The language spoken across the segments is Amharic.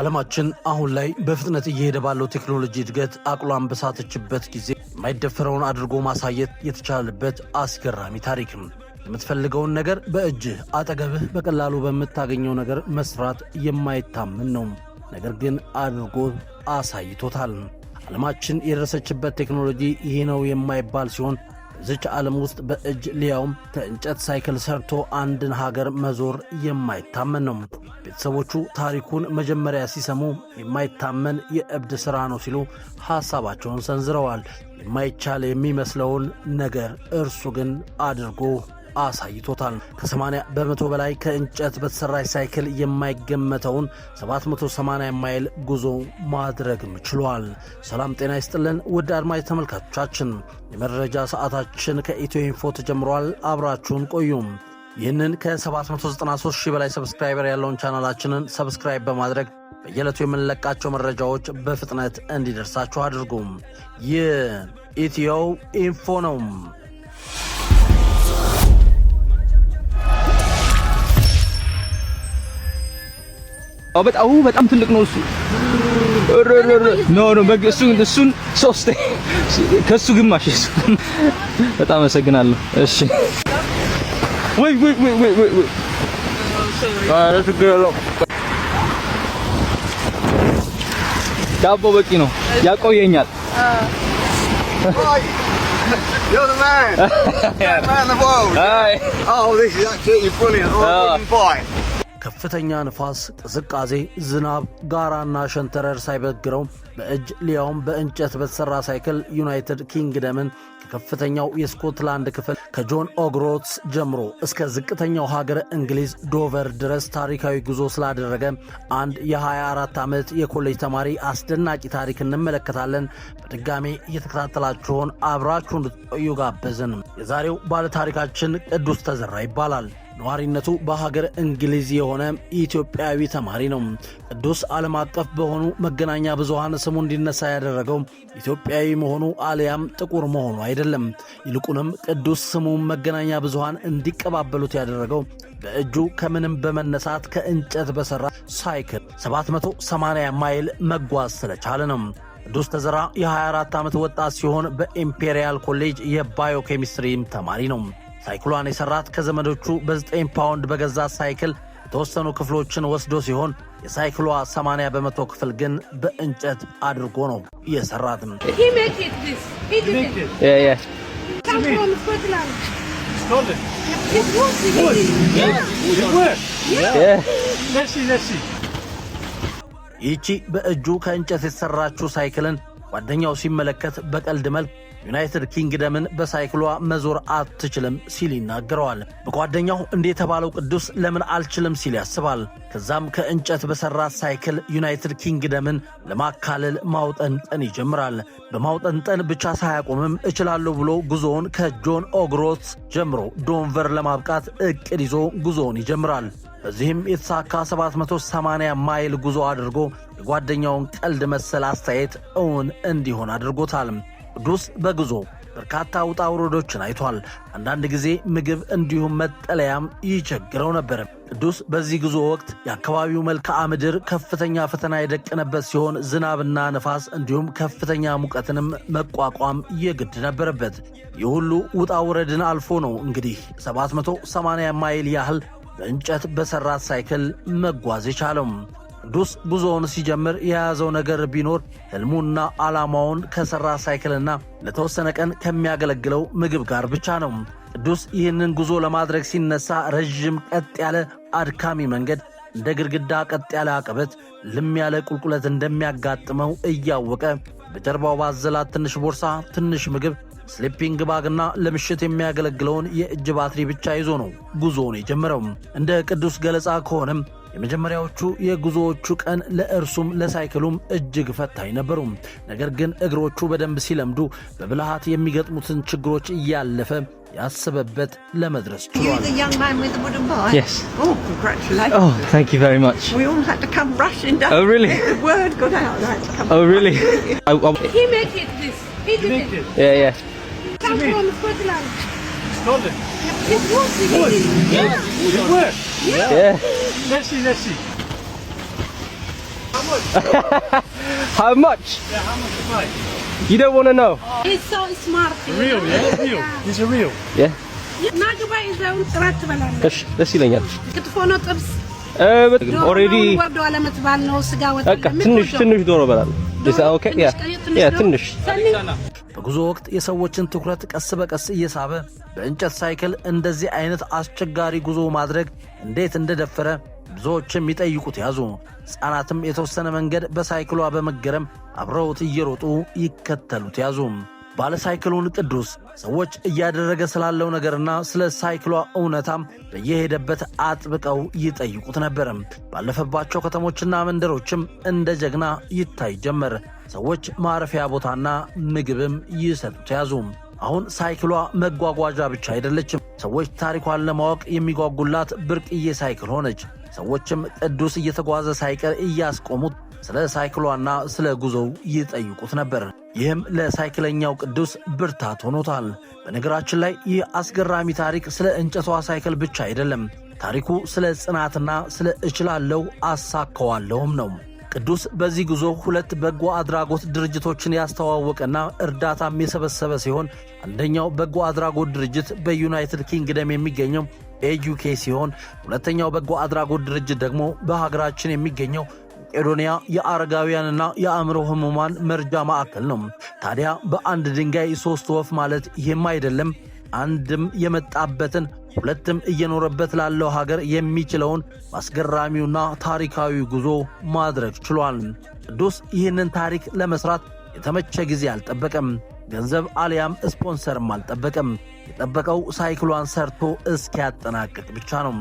ዓለማችን አሁን ላይ በፍጥነት እየሄደ ባለው ቴክኖሎጂ እድገት አቅሏን በሳተችበት ጊዜ የማይደፈረውን አድርጎ ማሳየት የተቻለበት አስገራሚ ታሪክ ነው። የምትፈልገውን ነገር በእጅህ አጠገብህ በቀላሉ በምታገኘው ነገር መስራት የማይታመን ነው። ነገር ግን አድርጎ አሳይቶታል። ዓለማችን የደረሰችበት ቴክኖሎጂ ይህ ነው የማይባል ሲሆን በዚች ዓለም ውስጥ በእጅ ሊያውም ከእንጨት ሳይክል ሰርቶ አንድን ሀገር መዞር የማይታመን ነው። ቤተሰቦቹ ታሪኩን መጀመሪያ ሲሰሙ የማይታመን የእብድ ሥራ ነው ሲሉ ሐሳባቸውን ሰንዝረዋል። የማይቻል የሚመስለውን ነገር እርሱ ግን አድርጎ አሳይቶታል። ከ80 በመቶ በላይ ከእንጨት በተሰራች ሳይክል የማይገመተውን 780 ማይል ጉዞ ማድረግም ችሏል። ሰላም ጤና ይስጥልን ውድ አድማጭ ተመልካቾቻችን፣ የመረጃ ሰዓታችን ከኢትዮ ኢንፎ ተጀምሯል። አብራችሁን ቆዩም። ይህንን ከ793 ሺህ በላይ ሰብስክራይበር ያለውን ቻናላችንን ሰብስክራይብ በማድረግ በየዕለቱ የምንለቃቸው መረጃዎች በፍጥነት እንዲደርሳችሁ አድርጉም። ይህ ኢትዮ ኢንፎ ነው። በጣም ትልቅ ነው እሱ። ኖ ኖ እሱን ሶስቴ ከሱ ግማሽ እሱ። በጣም አመሰግናለሁ። እሺ ወይ ወይ ወይ ወይ ወይ ዳቦ በቂ ነው፣ ያቆየኛል። ከፍተኛ ንፋስ፣ ቅዝቃዜ፣ ዝናብ፣ ጋራና ሸንተረር ሳይበግረው በእጅ ሊያውም በእንጨት በተሠራ ሳይክል ዩናይትድ ኪንግደምን ከከፍተኛው የስኮትላንድ ክፍል ከጆን ኦግሮትስ ጀምሮ እስከ ዝቅተኛው ሀገር እንግሊዝ ዶቨር ድረስ ታሪካዊ ጉዞ ስላደረገ አንድ የ24 ዓመት የኮሌጅ ተማሪ አስደናቂ ታሪክ እንመለከታለን። በድጋሜ እየተከታተላችሁን አብራችሁ እንድትቆዩ ጋበዝን። የዛሬው ባለታሪካችን ቅዱስ ተዘራ ይባላል። ነዋሪነቱ በሀገር እንግሊዝ የሆነ ኢትዮጵያዊ ተማሪ ነው። ቅዱስ ዓለም አቀፍ በሆኑ መገናኛ ብዙሃን ስሙ እንዲነሳ ያደረገው ኢትዮጵያዊ መሆኑ አሊያም ጥቁር መሆኑ አይደለም። ይልቁንም ቅዱስ ስሙ መገናኛ ብዙሃን እንዲቀባበሉት ያደረገው በእጁ ከምንም በመነሳት ከእንጨት በሠራ ሳይክል 780 ማይል መጓዝ ስለቻለ ነው። ቅዱስ ተዘራ የ24 ዓመት ወጣት ሲሆን በኢምፔሪያል ኮሌጅ የባዮኬሚስትሪም ተማሪ ነው። ሳይክሏን የሰራት ከዘመዶቹ በ9 ፓውንድ በገዛ ሳይክል የተወሰኑ ክፍሎችን ወስዶ ሲሆን የሳይክሏ 80 በመቶ ክፍል ግን በእንጨት አድርጎ ነው የሰራት። ይቺ በእጁ ከእንጨት የተሰራችው ሳይክልን ጓደኛው ሲመለከት በቀልድ መልክ ዩናይትድ ኪንግደምን በሳይክሏ መዞር አትችልም ሲል ይናገረዋል። በጓደኛው እንደ የተባለው ቅዱስ ለምን አልችልም ሲል ያስባል። ከዛም ከእንጨት በሠራ ሳይክል ዩናይትድ ኪንግደምን ለማካለል ማውጠንጠን ይጀምራል። በማውጠንጠን ብቻ ሳያቆምም እችላለሁ ብሎ ጉዞውን ከጆን ኦግሮት ጀምሮ ዶንቨር ለማብቃት እቅድ ይዞ ጉዞውን ይጀምራል። በዚህም የተሳካ 780 ማይል ጉዞ አድርጎ የጓደኛውን ቀልድ መሰል አስተያየት እውን እንዲሆን አድርጎታል። ቅዱስ በጉዞ በርካታ ውጣ ውረዶችን አይቷል። አንዳንድ ጊዜ ምግብ እንዲሁም መጠለያም ይቸግረው ነበር። ቅዱስ በዚህ ጉዞ ወቅት የአካባቢው መልክዓ ምድር ከፍተኛ ፈተና የደቀነበት ሲሆን ዝናብና ነፋስ እንዲሁም ከፍተኛ ሙቀትንም መቋቋም የግድ ነበረበት። ይህ ሁሉ ውጣ ውረድን አልፎ ነው እንግዲህ 780 ማይል ያህል በእንጨት በሠራት ሳይክል መጓዝ ይቻለም። ቅዱስ ጉዞውን ሲጀምር የያዘው ነገር ቢኖር ሕልሙና ዓላማውን ከሠራ ሳይክልና ለተወሰነ ቀን ከሚያገለግለው ምግብ ጋር ብቻ ነው። ቅዱስ ይህንን ጉዞ ለማድረግ ሲነሳ ረዥም ቀጥ ያለ አድካሚ መንገድ እንደ ግድግዳ ቀጥ ያለ አቀበት ልም ያለ ቁልቁለት እንደሚያጋጥመው እያወቀ በጀርባው ባዘላት ትንሽ ቦርሳ ትንሽ ምግብ ስሊፒንግ ባግና ለምሽት የሚያገለግለውን የእጅ ባትሪ ብቻ ይዞ ነው ጉዞውን የጀመረው። እንደ ቅዱስ ገለጻ ከሆነም የመጀመሪያዎቹ የጉዞዎቹ ቀን ለእርሱም ለሳይክሉም እጅግ ፈታኝ ነበሩ። ነገር ግን እግሮቹ በደንብ ሲለምዱ በብልሃት የሚገጥሙትን ችግሮች እያለፈ ያሰበበት ለመድረስ ችሏል። Yeah. Let's see, let's see. How much? how much? Yeah, how much you buy? You don't want to know. Oh. It's so smart. Real, know? yeah? Real. Yeah. It's a real. Yeah. ናግባ ይዘውን ጥራት ትበላለህ። እሺ ደስ ይለኛል። ክትፎ ነው ጥብስ ኦሬዲ ወርዶ አለመትባል ነው። ስጋ ወጥ ትንሽ ትንሽ ዶሮ በላለሁ። ኦኬ ያ ያ ትንሽ በጉዞ ወቅት የሰዎችን ትኩረት ቀስ በቀስ እየሳበ በእንጨት ሳይክል እንደዚህ አይነት አስቸጋሪ ጉዞ ማድረግ እንዴት እንደደፈረ ብዙዎችም ይጠይቁት ያዙ። ሕፃናትም የተወሰነ መንገድ በሳይክሏ በመገረም አብረውት እየሮጡ ይከተሉት ያዙ። ባለሳይክሉን ቅዱስ ሰዎች እያደረገ ስላለው ነገርና ስለ ሳይክሏ እውነታም በየሄደበት አጥብቀው ይጠይቁት ነበርም። ባለፈባቸው ከተሞችና መንደሮችም እንደ ጀግና ይታይ ጀመር። ሰዎች ማረፊያ ቦታና ምግብም ይሰጡት ያዙ። አሁን ሳይክሏ መጓጓዣ ብቻ አይደለችም። ሰዎች ታሪኳን ለማወቅ የሚጓጉላት ብርቅዬ ሳይክል ሆነች። ሰዎችም ቅዱስ እየተጓዘ ሳይቀር እያስቆሙት ስለ ሳይክሏና ስለ ጉዞው ይጠይቁት ነበር። ይህም ለሳይክለኛው ቅዱስ ብርታት ሆኖታል። በነገራችን ላይ ይህ አስገራሚ ታሪክ ስለ እንጨቷ ሳይክል ብቻ አይደለም። ታሪኩ ስለ ጽናትና ስለ እችላለሁ አሳካዋለሁም ነው። ቅዱስ በዚህ ጉዞ ሁለት በጎ አድራጎት ድርጅቶችን ያስተዋወቀና እርዳታም የሰበሰበ ሲሆን አንደኛው በጎ አድራጎት ድርጅት በዩናይትድ ኪንግደም የሚገኘው ኤዩኬ ሲሆን ሁለተኛው በጎ አድራጎት ድርጅት ደግሞ በሀገራችን የሚገኘው መቄዶንያ የአረጋውያንና የአእምሮ ህሙማን መርጃ ማዕከል ነው። ታዲያ በአንድ ድንጋይ ሦስት ወፍ ማለት ይህም አይደለም። አንድም የመጣበትን ሁለትም እየኖረበት ላለው ሀገር የሚችለውን አስገራሚውና ታሪካዊ ጉዞ ማድረግ ችሏል። ቅዱስ ይህንን ታሪክ ለመስራት የተመቸ ጊዜ አልጠበቀም። ገንዘብ አሊያም ስፖንሰርም አልጠበቀም። የጠበቀው ሳይክሏን ሰርቶ እስኪያጠናቅቅ ብቻ ነው።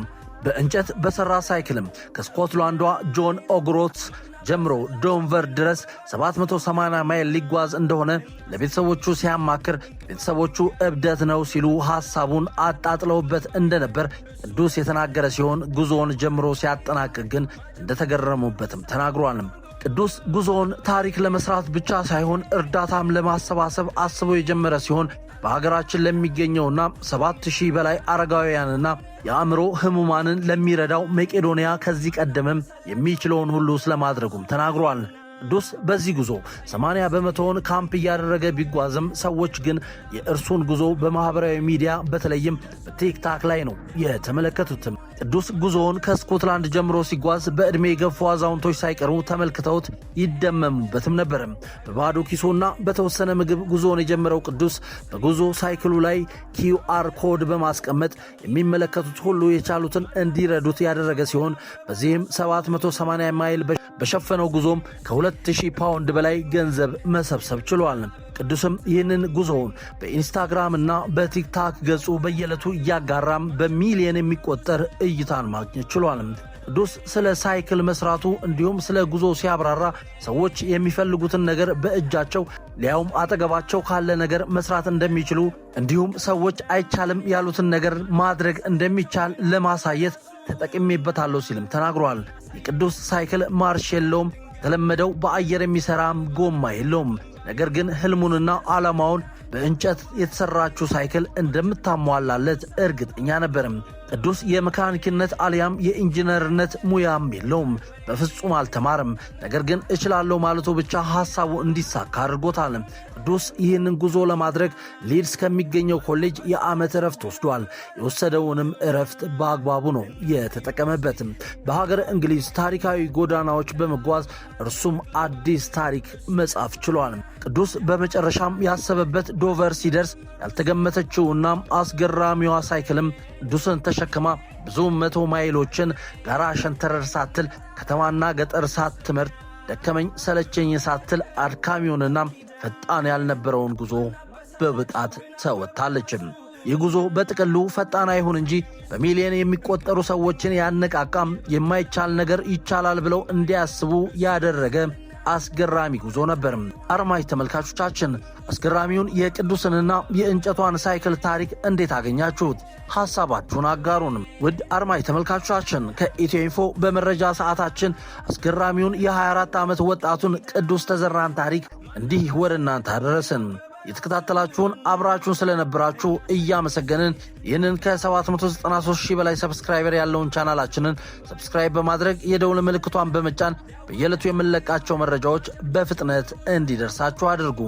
በእንጨት በሠራ ሳይክልም ከስኮትላንዷ ጆን ኦግሮትስ ጀምሮ ዶንቨር ድረስ 780 ማይል ሊጓዝ እንደሆነ ለቤተሰቦቹ ሲያማክር ቤተሰቦቹ እብደት ነው ሲሉ ሐሳቡን አጣጥለውበት እንደነበር ቅዱስ የተናገረ ሲሆን ጉዞውን ጀምሮ ሲያጠናቅቅ ግን እንደተገረሙበትም ተናግሯልም። ቅዱስ ጉዞውን ታሪክ ለመስራት ብቻ ሳይሆን እርዳታም ለማሰባሰብ አስቦ የጀመረ ሲሆን በሀገራችን ለሚገኘውና ሰባት ሺህ በላይ አረጋውያንና የአእምሮ ህሙማንን ለሚረዳው መቄዶንያ ከዚህ ቀደምም የሚችለውን ሁሉ ስለማድረጉም ተናግሯል። ቅዱስ በዚህ ጉዞ 80 በመቶውን ካምፕ እያደረገ ቢጓዝም ሰዎች ግን የእርሱን ጉዞ በማኅበራዊ ሚዲያ በተለይም በቲክታክ ላይ ነው የተመለከቱትም። ቅዱስ ጉዞውን ከስኮትላንድ ጀምሮ ሲጓዝ በዕድሜ የገፉ አዛውንቶች ሳይቀሩ ተመልክተውት ይደመሙበትም ነበር። በባዶ ኪሶና በተወሰነ ምግብ ጉዞውን የጀመረው ቅዱስ በጉዞ ሳይክሉ ላይ ኪዩአር ኮድ በማስቀመጥ የሚመለከቱት ሁሉ የቻሉትን እንዲረዱት ያደረገ ሲሆን በዚህም 780 ማይል በሸፈነው ጉዞም ከ2000 ፓውንድ በላይ ገንዘብ መሰብሰብ ችሏል። ቅዱስም ይህንን ጉዞውን በኢንስታግራም እና በቲክታክ ገጹ በየዕለቱ እያጋራም በሚሊየን የሚቆጠር እይታን ማግኘት ችሏል። ቅዱስ ስለ ሳይክል መስራቱ እንዲሁም ስለ ጉዞ ሲያብራራ ሰዎች የሚፈልጉትን ነገር በእጃቸው ሊያውም አጠገባቸው ካለ ነገር መስራት እንደሚችሉ እንዲሁም ሰዎች አይቻልም ያሉትን ነገር ማድረግ እንደሚቻል ለማሳየት ተጠቅሜበታለሁ ሲልም ተናግሯል። የቅዱስ ሳይክል ማርሽ የለውም። የተለመደው በአየር የሚሰራም ጎማ የለውም። ነገር ግን ህልሙንና ዓላማውን በእንጨት የተሰራችው ሳይክል እንደምታሟላለት እርግጠኛ ነበርም። ቅዱስ የመካኒክነት አሊያም የኢንጂነርነት ሙያም የለውም። በፍጹም አልተማርም። ነገር ግን እችላለሁ ማለቱ ብቻ ሐሳቡ እንዲሳካ አድርጎታል። ቅዱስ ይህንን ጉዞ ለማድረግ ሊድስ ከሚገኘው ኮሌጅ የዓመት እረፍት ወስዷል። የወሰደውንም እረፍት በአግባቡ ነው የተጠቀመበትም በሀገር እንግሊዝ ታሪካዊ ጎዳናዎች በመጓዝ እርሱም አዲስ ታሪክ መጻፍ ችሏል። ቅዱስ በመጨረሻም ያሰበበት ዶቨር ሲደርስ ያልተገመተችውና አስገራሚዋ ሳይክልም ዱስን ተሸክማ ብዙ መቶ ማይሎችን ጋራ ሸንተረር ሳትል ከተማና ገጠር ሳትመር ደከመኝ ሰለቸኝ ሳትል አድካሚውንና ፈጣን ያልነበረውን ጉዞ በብጣት ተወጥታለችም። ይህ ጉዞ በጥቅሉ ፈጣን አይሁን እንጂ በሚሊዮን የሚቆጠሩ ሰዎችን ያነቃቃም፣ የማይቻል ነገር ይቻላል ብለው እንዲያስቡ ያደረገ አስገራሚ ጉዞ ነበር። አርማጅ ተመልካቾቻችን አስገራሚውን የቅዱስንና የእንጨቷን ሳይክል ታሪክ እንዴት አገኛችሁት? ሐሳባችሁን አጋሩን። ውድ አርማጅ ተመልካቾቻችን ከኢትዮ ኢንፎ በመረጃ ሰዓታችን አስገራሚውን የ24 ዓመት ወጣቱን ቅዱስ ተዘራን ታሪክ እንዲህ ወደ እናንተ አደረስን። የተከታተላችሁን አብራችሁን ስለነበራችሁ እያመሰገንን ይህንን ከ793 ሺህ በላይ ሰብስክራይበር ያለውን ቻናላችንን ሰብስክራይብ በማድረግ የደውል ምልክቷን በመጫን በየዕለቱ የምንለቃቸው መረጃዎች በፍጥነት እንዲደርሳችሁ አድርጉ።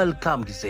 መልካም ጊዜ